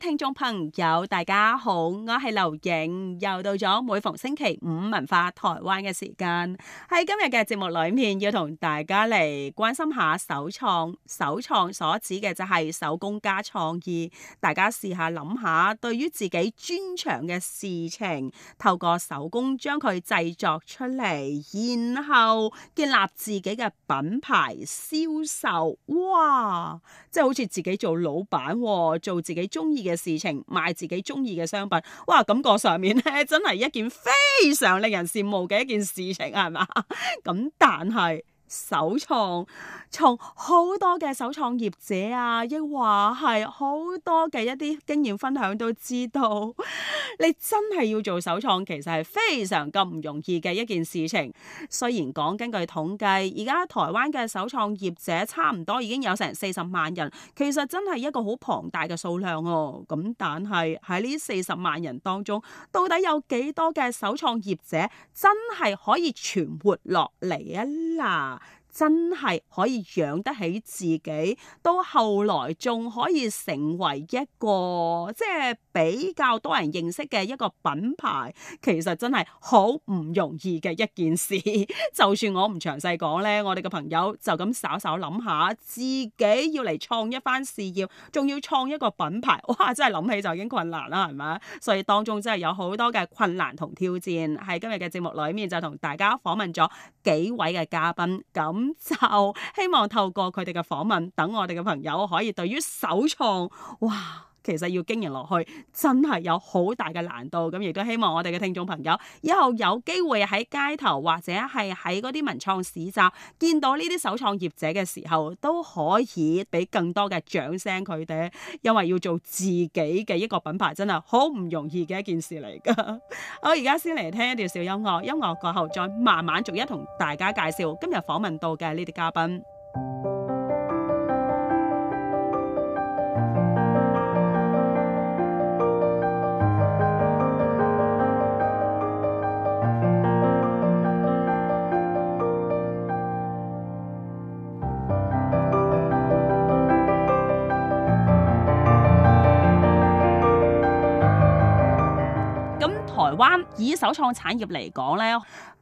聽眾朋友，大家好，我係劉穎，又到咗每逢星期五文化台灣嘅時間。喺今日嘅節目裏面，要同大家嚟關心下手創。手創所指嘅就係手工加創意。大家試下諗下，對於自己專長嘅事情，透過手工將佢製作出嚟，然後建立自己嘅品牌銷售。哇！即係好似自己做老闆、哦，做自己中意。嘅事情，賣自己中意嘅商品，哇！感覺上面咧，真係一件非常令人羨慕嘅一件事情，係嘛？咁但係。手創，從好多嘅手創業者啊，亦話係好多嘅一啲經驗分享，都知道你真係要做手創，其實係非常咁唔容易嘅一件事情。雖然講根據統計，而家台灣嘅手創業者差唔多已經有成四十萬人，其實真係一個好龐大嘅數量哦、啊。咁但係喺呢四十萬人當中，到底有幾多嘅手創業者真係可以存活落嚟啊？啦～真係可以養得起自己，到後來仲可以成為一個即係比較多人認識嘅一個品牌，其實真係好唔容易嘅一件事。 就算我唔詳細講呢，我哋嘅朋友就咁稍稍諗下，自己要嚟創一番事業，仲要創一個品牌，哇！真係諗起就已經困難啦，係咪？所以當中真係有好多嘅困難同挑戰。喺今日嘅節目裡面，就同大家訪問咗幾位嘅嘉賓，咁。就希望透過佢哋嘅訪問，等我哋嘅朋友可以對於手創，哇！其實要經營落去，真係有好大嘅難度。咁亦都希望我哋嘅聽眾朋友以後有機會喺街頭或者係喺嗰啲文創市集見到呢啲手創業者嘅時候，都可以俾更多嘅掌聲佢哋。因為要做自己嘅一個品牌，真係好唔容易嘅一件事嚟噶。 好，而家先嚟聽一段小音樂，音樂過後再慢慢逐一同大家介紹今日訪問到嘅呢啲嘉賓。灣以手創產業嚟講咧，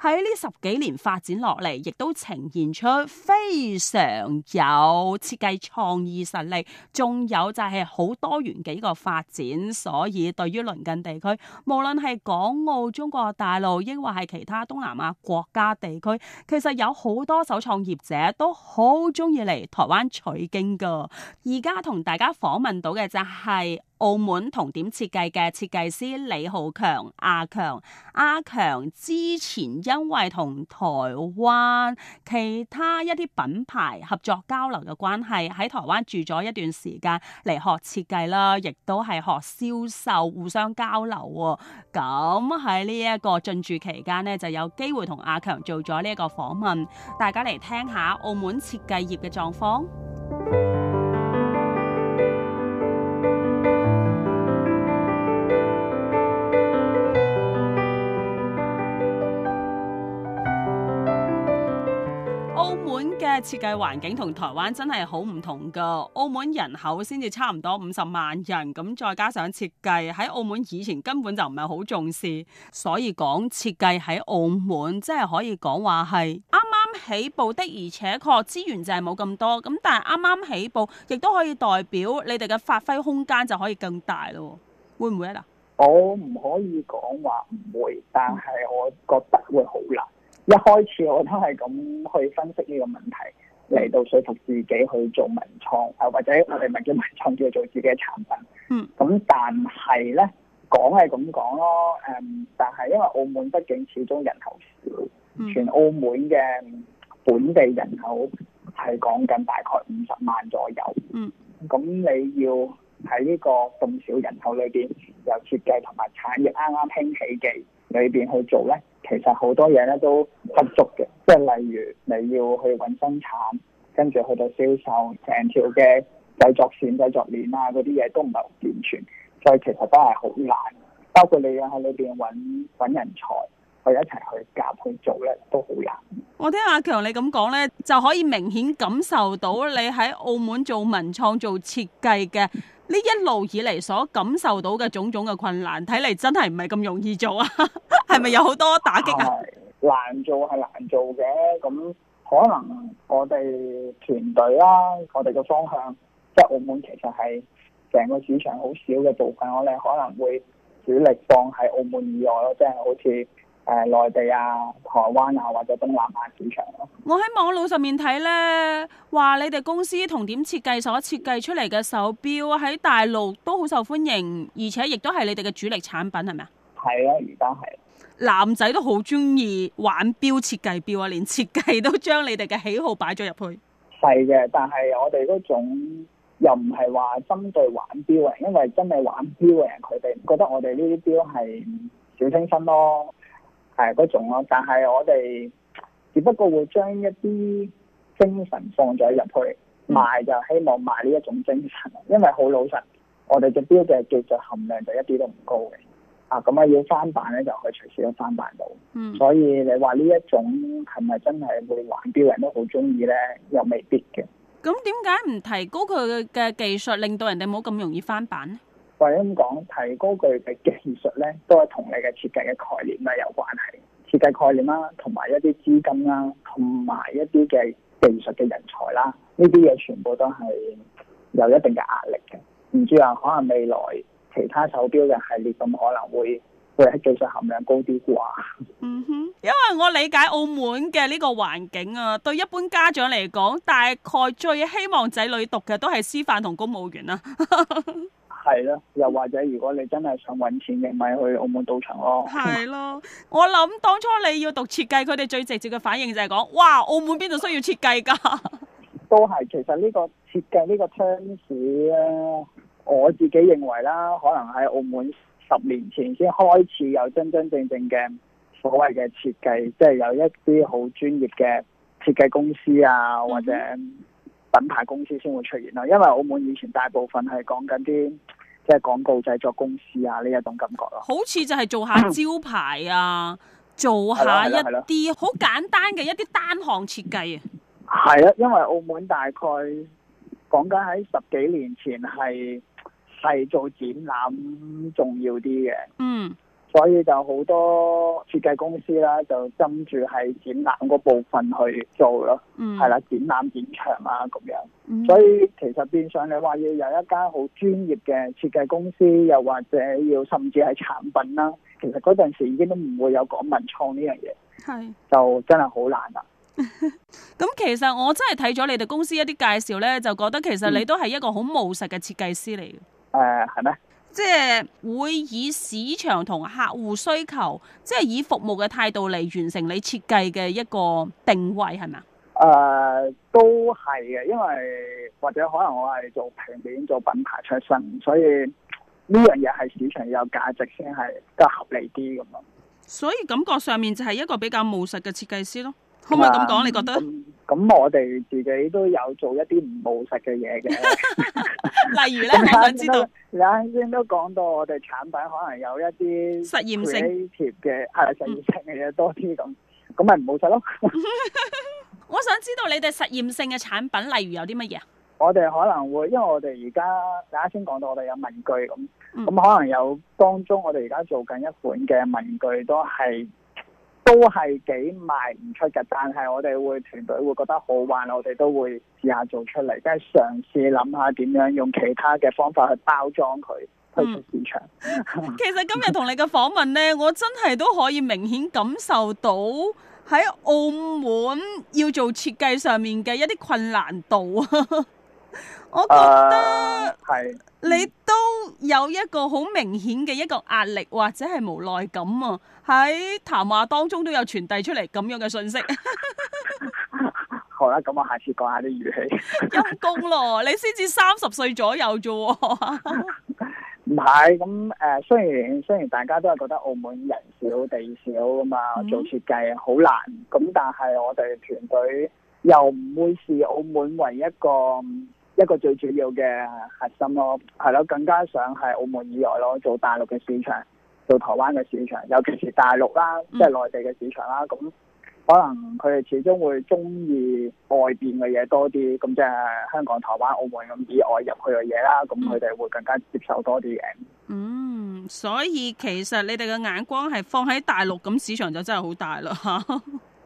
喺呢十幾年發展落嚟，亦都呈現出非常有設計創意實力，仲有就係好多元幾個發展。所以對於鄰近地區，無論係港澳、中國大陸，抑或係其他東南亞國家地區，其實有好多手創業者都好中意嚟台灣取經噶。而家同大家訪問到嘅就係、是。澳門同點設計嘅設計師李浩強、阿強。阿強之前因為同台灣其他一啲品牌合作交流嘅關係，喺台灣住咗一段時間嚟學設計啦，亦都係學銷售，互相交流喎。咁喺呢一個進駐期間呢，就有機會同阿強做咗呢一個訪問，大家嚟聽下澳門設計業嘅狀況。設計環境同台灣真係好唔同噶，澳門人口先至差唔多五十萬人，咁再加上設計喺澳門以前根本就唔係好重視，所以講設計喺澳門，即係可以講話係啱啱起步的，而且個資源就係冇咁多，咁但係啱啱起步，亦都可以代表你哋嘅發揮空間就可以更大咯，會唔會啊？我唔可以講話唔會，但係我覺得會好難。一開始我都係咁去分析呢個問題嚟到說服自己去做文創，誒、呃、或者我哋咪叫文創叫做自己嘅產品。嗯，咁但係呢，講係咁講咯，誒、嗯，但係因為澳門畢竟始終人口少，嗯、全澳門嘅本地人口係講緊大概五十萬左右。嗯，咁你要喺呢個咁少人口裏邊，有設計同埋產業啱啱興起嘅。裏邊去做咧，其實好多嘢咧都不足嘅，即係例如你要去揾生產，跟住去到銷售，成條嘅製作線、製作鏈啊嗰啲嘢都唔係好健全，所以其實都係好難。包括你要喺裏邊揾揾人才去一齊去夾去做咧，都好難。我聽阿強你咁講咧，就可以明顯感受到你喺澳門做文創做設計嘅。呢一路以嚟所感受到嘅種種嘅困難，睇嚟真係唔係咁容易做啊！係 咪有好多打擊啊？難做係難做嘅，咁可能我哋團隊啦，我哋嘅方向，即係澳門其實係成個市場好少嘅部分，我哋可能會主力放喺澳門以外咯，即係好似。誒，內地啊、台灣啊，或者東南亞市場咯。我喺網路上面睇咧，話你哋公司同點設計所設計出嚟嘅手錶喺大陸都好受歡迎，而且亦都係你哋嘅主力產品係咪啊？係咯，而家係男仔都好中意，玩錶設計錶啊，連設計都將你哋嘅喜好擺咗入去係嘅。但係我哋嗰種又唔係話針對玩錶嘅，因為真係玩錶嘅人佢哋覺得我哋呢啲錶係小清新咯。係嗰種咯，但係我哋只不過會將一啲精神放咗入去賣，就希望賣呢一種精神，因為好老實，我哋嘅標嘅技術含量就一啲都唔高嘅。啊，咁啊要翻版咧，就可以隨時都翻版到。嗯，所以你話呢一種係咪真係會玩標人都好中意咧？又未必嘅。咁點解唔提高佢嘅技術，令到人哋冇咁容易翻版咧？或者咁講，提高佢嘅技術咧，都係同你嘅設計嘅概念咧有關係。設計概念啦，同埋一啲資金啦，同埋一啲嘅技術嘅人才啦，呢啲嘢全部都係有一定嘅壓力嘅。唔知啊，可能未來其他手錶嘅系列咁可能會會喺技術含量高啲啩？嗯哼，因為我理解澳門嘅呢個環境啊，對一般家長嚟講，大概最希望仔女讀嘅都係師範同公務員啦、啊。 係咯，又或者如果你真係想揾錢你咪去澳門賭場咯。係 咯，我諗當初你要讀設計，佢哋最直接嘅反應就係、是、講，哇，澳門邊度需要設計㗎？ 都係，其實呢、這個設計呢個窗勢咧，我自己認為啦，可能喺澳門十年前先開始有真真正正嘅所謂嘅設計，即係有一啲好專業嘅設計公司啊， 或者。品牌公司先會出現咯，因為澳門以前大部分係講緊啲即係廣告製作公司啊，呢一種感覺咯，好似就係做下招牌啊，嗯、做下一啲好簡單嘅一啲單項設計啊。係啊，因為澳門大概講緊喺十幾年前係係做展覽重要啲嘅。嗯。所以就好多設計公司啦，就針住係展覽嗰部分去做咯，係啦、嗯，展覽展場啊咁樣。嗯、所以其實變相你話要有一間好專業嘅設計公司，又或者要甚至係產品啦，其實嗰陣時已經都唔會有講文創呢樣嘢，係是就真係好難啦、啊。咁 其實我真係睇咗你哋公司一啲介紹咧，就覺得其實你都係一個好務實嘅設計師嚟嘅。誒、嗯，係、呃、咩？即係會以市場同客戶需求，即係以服務嘅態度嚟完成你設計嘅一個定位，係咪？誒、呃，都係嘅，因為或者可能我係做平面做品牌出身，所以呢樣嘢係市場有價值先係得合理啲咁咯。所以感覺上面就係一個比較務實嘅設計師咯，吧可唔可以咁講？你覺得？嗯咁、嗯、我哋自己都有做一啲唔冒失嘅嘢嘅。例如咧，我想知道，你啱先都講到我哋產品可能有一啲實驗性嘅，係實驗性嘅嘢多啲咁，咁咪唔冒失咯。 我想知道你哋實驗性嘅產品例如有啲乜嘢？我哋可能會因為我哋而家啱先講到我哋有文具咁，咁可能有當中我哋而家做緊一款嘅文具都係。都係幾賣唔出嘅，但係我哋會團隊會覺得好玩，我哋都會試下做出嚟，即係嘗試諗下點樣用其他嘅方法去包裝佢推出市場。嗯。其實今日同你嘅訪問呢， 我真係都可以明顯感受到喺澳門要做設計上面嘅一啲困難度啊！ 我覺得你都有一個好明顯嘅一個壓力或者係無奈感啊，喺談話當中都有傳遞出嚟咁樣嘅信息。 好啦，咁我下次講下啲語氣。陰公咯，你先至三十歲左右啫。唔 係，咁誒，雖然雖然大家都係覺得澳門人少地少啊嘛，做設計好難。咁、嗯、但係我哋團隊又唔會視澳門為一,一個。一個最主要嘅核心咯，係咯，更加想係澳門以外咯，做大陸嘅市場，做台灣嘅市場，尤其是大陸啦，嗯、即係內地嘅市場啦。咁可能佢哋始終會中意外邊嘅嘢多啲，咁即係香港、台灣、澳門咁以外入去嘅嘢啦。咁佢哋會更加接受多啲嘢。嗯，所以其實你哋嘅眼光係放喺大陸咁市場就真係好大咯。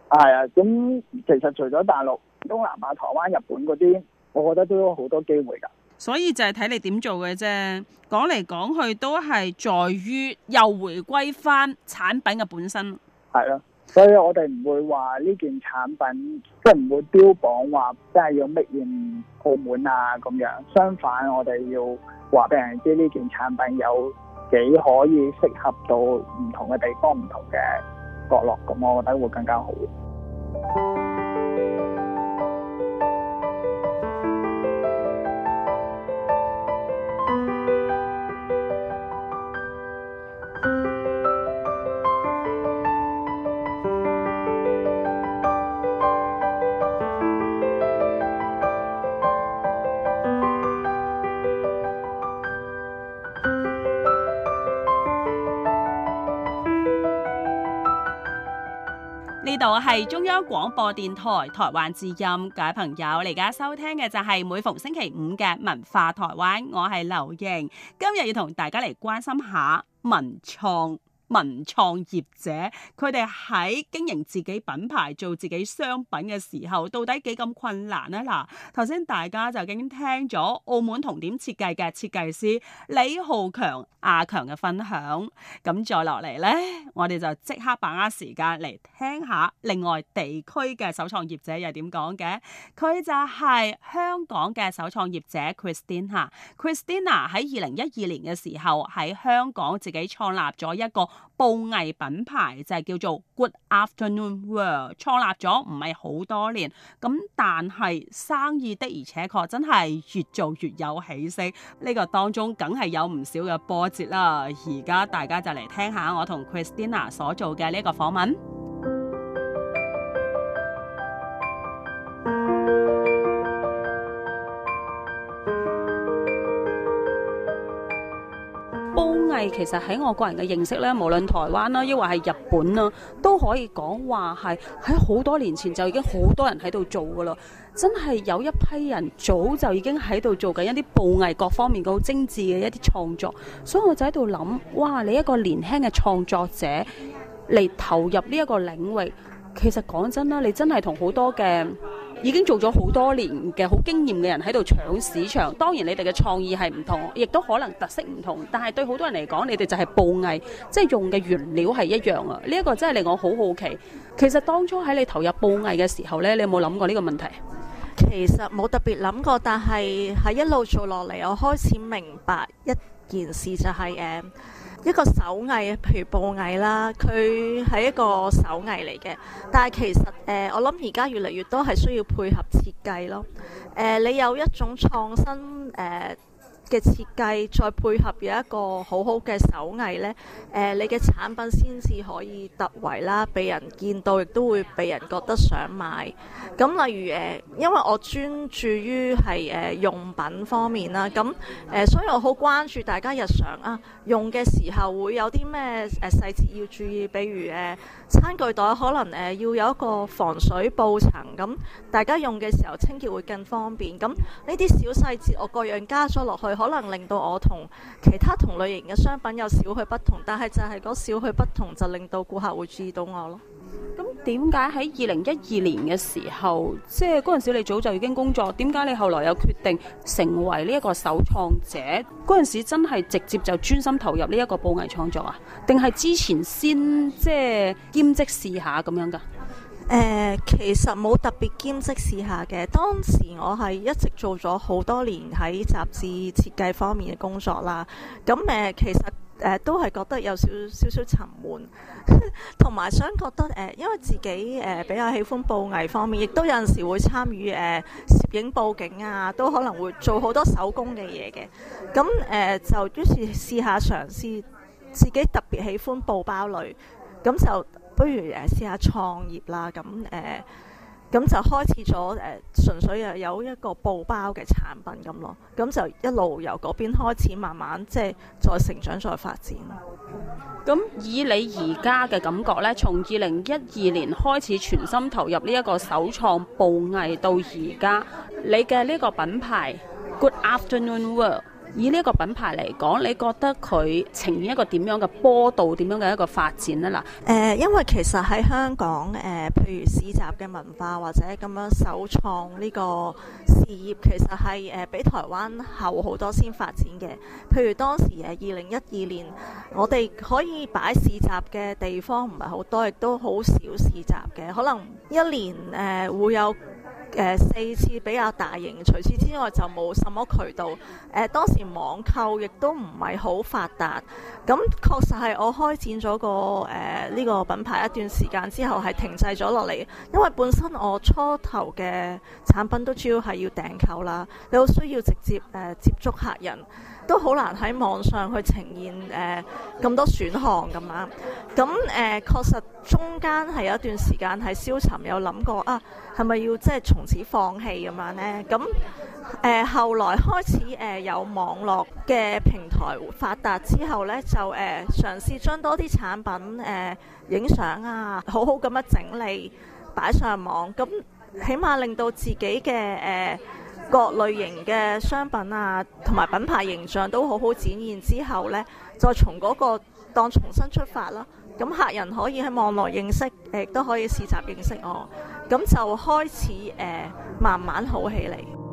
係 啊，咁其實除咗大陸、東南亞、台灣、日本嗰啲。我覺得都有好多機會噶，所以就係睇你點做嘅啫。講嚟講去都係在於又回歸翻產品嘅本身。係咯，所以我哋唔會話呢件產品即係唔會標榜話，即係要乜嘢澳門啊咁樣。相反，我哋要話俾人知呢件產品有幾可以適合到唔同嘅地方、唔同嘅角落，咁我覺得會更加好。我係中央廣播電台台灣之音，各位朋友，你而家收聽嘅就係每逢星期五嘅文化台灣，我係劉盈，今日要同大家嚟關心下文創。文創業者佢哋喺經營自己品牌、做自己商品嘅時候，到底幾咁困難咧？嗱，頭先大家就已經聽咗澳門同點設計嘅設計師李浩強阿強嘅分享，咁再落嚟咧，我哋就即刻把握時間嚟聽下另外地區嘅手創業者又點講嘅。佢就係香港嘅手創業者 Christina。Christina 喺二零一二年嘅時候喺香港自己創立咗一個。布藝品牌就係叫做 Good Afternoon Work，創立咗唔係好多年，咁但係生意的而且確真係越做越有起色，呢、這個當中梗係有唔少嘅波折啦。而家大家就嚟聽下我同 Christina 所做嘅呢個訪問。其實喺我個人嘅認識呢，無論台灣啦，抑或係日本啦，都可以講話係喺好多年前就已經好多人喺度做噶啦。真係有一批人早就已經喺度做緊一啲布藝各方面好精緻嘅一啲創作。所以我就喺度諗，哇！你一個年輕嘅創作者嚟投入呢一個領域，其實講真啦，你真係同好多嘅。已經做咗好多年嘅好經驗嘅人喺度搶市場，當然你哋嘅創意係唔同，亦都可能特色唔同，但係對好多人嚟講，你哋就係布藝，即係用嘅原料係一樣啊！呢一個真係令我好好奇。其實當初喺你投入布藝嘅時候呢，你有冇諗過呢個問題？其實冇特別諗過，但係喺一路做落嚟，我開始明白一件事，就係誒。一個手藝，譬如布藝啦，佢係一個手藝嚟嘅。但係其實誒、呃，我諗而家越嚟越多係需要配合設計咯。誒、呃，你有一種創新誒。呃嘅設計再配合有一個好好嘅手藝呢，誒、呃、你嘅產品先至可以突圍啦，畀人見到亦都會畀人覺得想買。咁例如誒、呃，因為我專注於係誒、呃、用品方面啦，咁、呃、誒所以我好關注大家日常啊、呃、用嘅時候會有啲咩誒細節要注意，比如誒、呃、餐具袋可能、呃、要有一個防水布層，咁、呃、大家用嘅時候清潔會更方便。咁呢啲小細節我各樣加咗落去。可能令到我同其他同類型嘅商品有少許不同，但係就係嗰少許不同就令到顧客會注意到我咯。咁點解喺二零一二年嘅時候，即係嗰陣時你早就已經工作，點解你後來又決定成為呢一個手創者？嗰陣時真係直接就專心投入呢一個布藝創作啊？定係之前先即係、就是、兼職試下咁樣噶？誒、呃、其實冇特別兼職試下嘅，當時我係一直做咗好多年喺雜誌設計方面嘅工作啦。咁、嗯、誒、呃、其實誒、呃、都係覺得有少少少沉悶，同 埋想覺得誒、呃，因為自己誒、呃、比較喜歡布藝方面，亦都有陣時會參與誒、呃、攝影佈景啊，都可能會做好多手工嘅嘢嘅。咁、嗯、誒、呃、就於是試下嘗，嘗試自己特別喜歡布包類，咁就。不如誒試下創業啦，咁誒咁就開始咗誒，純、啊、粹誒有一個布包嘅產品咁咯，咁、啊、就一路由嗰邊開始，慢慢即係再成長、再發展。咁、嗯嗯、以你而家嘅感覺呢，從二零一二年開始全心投入呢一個首創布藝到而家，你嘅呢個品牌 Good Afternoon Work 以呢一個品牌嚟講，你覺得佢呈現一個點樣嘅波動、點樣嘅一個發展呢？嗱，誒，因為其實喺香港，誒、呃，譬如市集嘅文化或者咁樣首創呢個事業，其實係誒、呃、比台灣後好多先發展嘅。譬如當時誒二零一二年，我哋可以擺市集嘅地方唔係好多，亦都好少市集嘅，可能一年誒、呃、會有。呃、四次比較大型，除此之外就冇什麼渠道。誒、呃、當時網購亦都唔係好發達，咁確實係我開展咗個誒呢、呃這個品牌一段時間之後係停滯咗落嚟，因為本身我初頭嘅產品都主要係要訂購啦，有需要直接、呃、接觸客人。都好難喺網上去呈現誒咁、呃、多選項咁樣，咁誒確實中間係有一段時間係消沉，有諗過啊，係咪要即係從此放棄咁樣呢，咁誒、呃、後來開始誒、呃、有網絡嘅平台發達之後呢，就誒嘗試將多啲產品誒影相啊，好好咁樣整理擺上網，咁起碼令到自己嘅誒。呃各類型嘅商品啊，同埋品牌形象都好好展現之後呢，再從嗰個檔重新出發啦。咁客人可以喺網絡認識，亦都可以市集認識我，咁就開始誒、呃、慢慢好起嚟。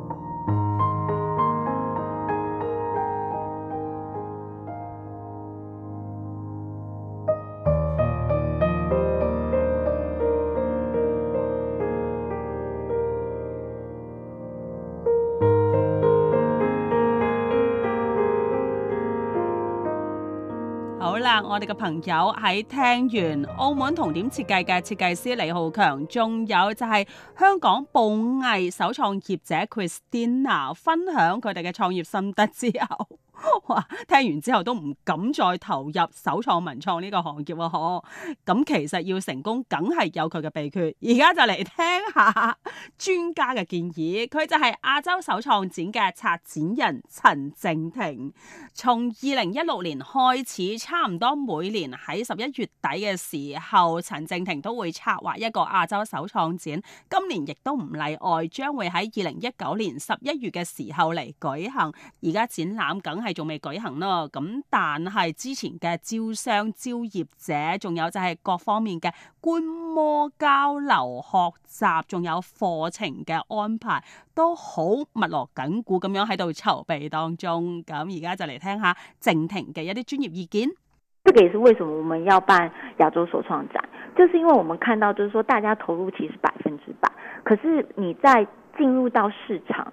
我哋嘅朋友喺聽完澳門同點設計嘅設計師李浩強，仲有就係香港布藝首創業者 Christina 分享佢哋嘅創業心得之後。哇！聽完之後都唔敢再投入手創文創呢個行業哦。咁、嗯、其實要成功，梗係有佢嘅秘訣。而家就嚟聽下專家嘅建議。佢就係亞洲手創展嘅策展人陳靜亭。從二零一六年開始，差唔多每年喺十一月底嘅時候，陳靜亭都會策劃一個亞洲手創展。今年亦都唔例外，將會喺二零一九年十一月嘅時候嚟舉行。而家展覽梗係。仲未舉行咯，咁但係之前嘅招商、招業者，仲有就係各方面嘅觀摩、交流、學習，仲有課程嘅安排，都好密鑼緊鼓咁樣喺度籌備當中。咁而家就嚟聽下靜亭嘅一啲專業意見。這個也是為什麼我們要辦亞洲手創展，就是因為我們看到，就是說大家投入其實百分之百，可是你在進入到市場。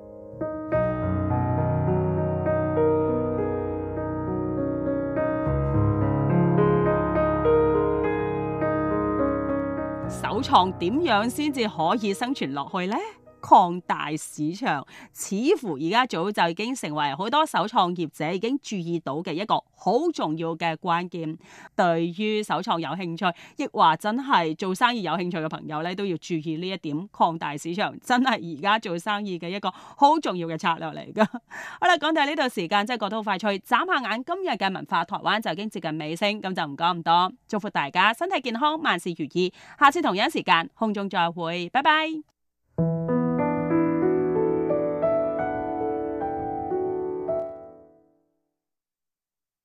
床點樣先至可以生存落去呢？擴大市場，似乎而家早就已經成為好多手創業者已經注意到嘅一個好重要嘅關鍵。對於手創有興趣，亦話真係做生意有興趣嘅朋友咧，都要注意呢一點。擴大市場真係而家做生意嘅一個好重要嘅策略嚟噶。好啦，講到呢度時間真係過得好快脆，眨下眼今日嘅文化台灣就已經接近尾聲，咁就唔講咁多。祝福大家身體健康，萬事如意。下次同樣時間空中再會，拜拜。